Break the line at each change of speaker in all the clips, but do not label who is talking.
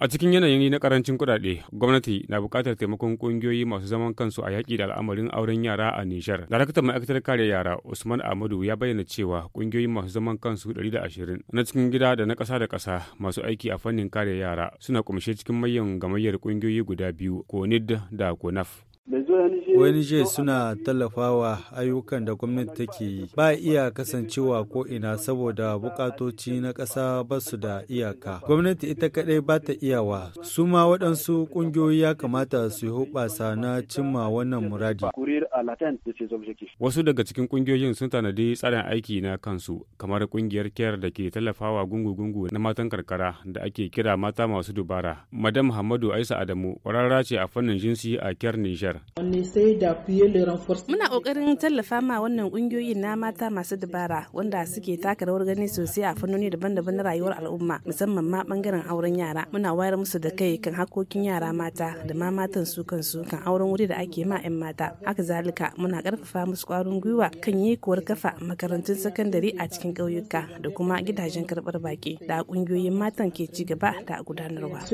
A cikin yanayin na karancin kudade gwamnati na bukatar taimakon ƙungiyoyi masu zaman kansu a yaƙi da al'amarin auren yara a Nijar. Daraktan ma'aikatar kare yara Usman Ahmadu ya bayyana cewa ƙungiyoyi masu zaman kansu 120 na cikin gida da na ƙasa da ƙasa masu aiki a fannin kare yara suna kumshe cikin mayan gamayyar ƙungiyoyi guda biyu, konid da konaf
ONG suna tallafawa ayyukan da gwamnati take yi. Ba iya kasancewa ko ina saboda bukatoci na ƙasa ba su da iyaka. Gwamnati ita kadai ba ta iyawa. Su ma waɗansu ƙungiyoyi ya kamata su yi hubasa na cimma wannan muradi.
Wasu daga cikin ƙungiyoyin sun tanadi tsarin aiki na kansu, kamar ƙungiyar kiyar da ke tallafawa gungu-gungu na matan karkara da ake kira mata masu dubara. Madam Hamadu Aisa Adamu, ƙwararra ce a fannin jinsi a kiyar Nijar.
Muna kokarin tallafa ma wannan kungiyoyin na mata masu dabara wanda suke taka rawar gani sosai a fannoni daban-daban na rayuwar al'umma musamman ma bangaren auren yara. Muna wayar musu da kai kan hakokin yara mata da ma matan su kansu kan auren wuri da ake ma 'yan mata. Haka zalika muna karfafa musu kwarin gwiwa kan yekuwar kafa makarantun sakandare a cikin kauyuka da kuma gidajen karbar baki da kungiyoyin matan ke ci gaba da gudanarwa.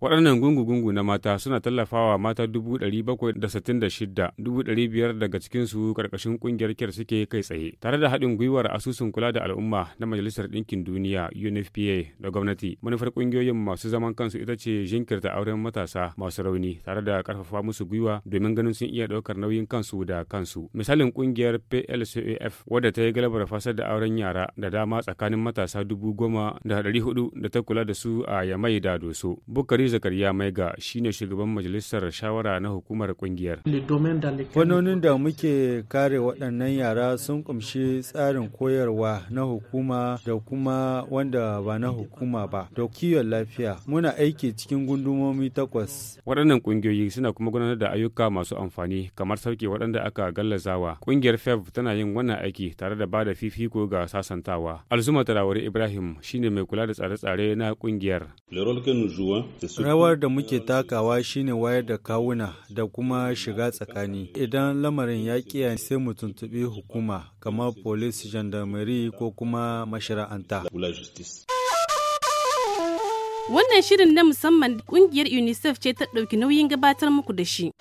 Waɗannan gungu-gungu na mata suna tallafawa mata dubu 766 biyar daga su karkashin kungiyar kyar suke kai tsaye tare da haɗin gwiwar asusun kula da al'umma na majalisar ɗinkin duniya unfpa da gwamnati manufar kungiyoyin masu zaman kansu ita ce jinkirta auren matasa masu rauni tare da karfafa musu gwiwa domin ganin sun iya ɗaukar nauyin kansu da kansu misalin kungiyar plcaf wadda ta yi galabar fasa da auren yara da dama tsakanin matasa dubu goma da ɗari hudu da ta kula da su a yamai da doso bukari zakariya maiga shine shugaban majalisar shawara na hukumar kungiyar.
Fannonin da muke kare waɗannan yara sun kumshi tsarin koyarwa na hukuma da kuma wanda ba na hukuma ba da lafiya. Muna aiki cikin gundumomi takwas.
Waɗannan ƙungiyoyi suna kuma gudanar da ayyuka masu amfani kamar sauke waɗanda aka gallazawa. Ƙungiyar FEV tana yin wannan aiki tare da ba da fifiko ga sasantawa. Alzuma Tarawari Ibrahim shine mai kula da tsare-tsare na ƙungiyar.
Rawar da muke takawa shine wayar da kawuna da kuma shiga tsakani idan lamarin ya kiya sai mu tuntuɓi hukuma kamar polis gendarmerie ko kuma mashara'anta
wannan shirin na musamman kungiyar unicef ce ta ɗauki nauyin gabatar muku da shi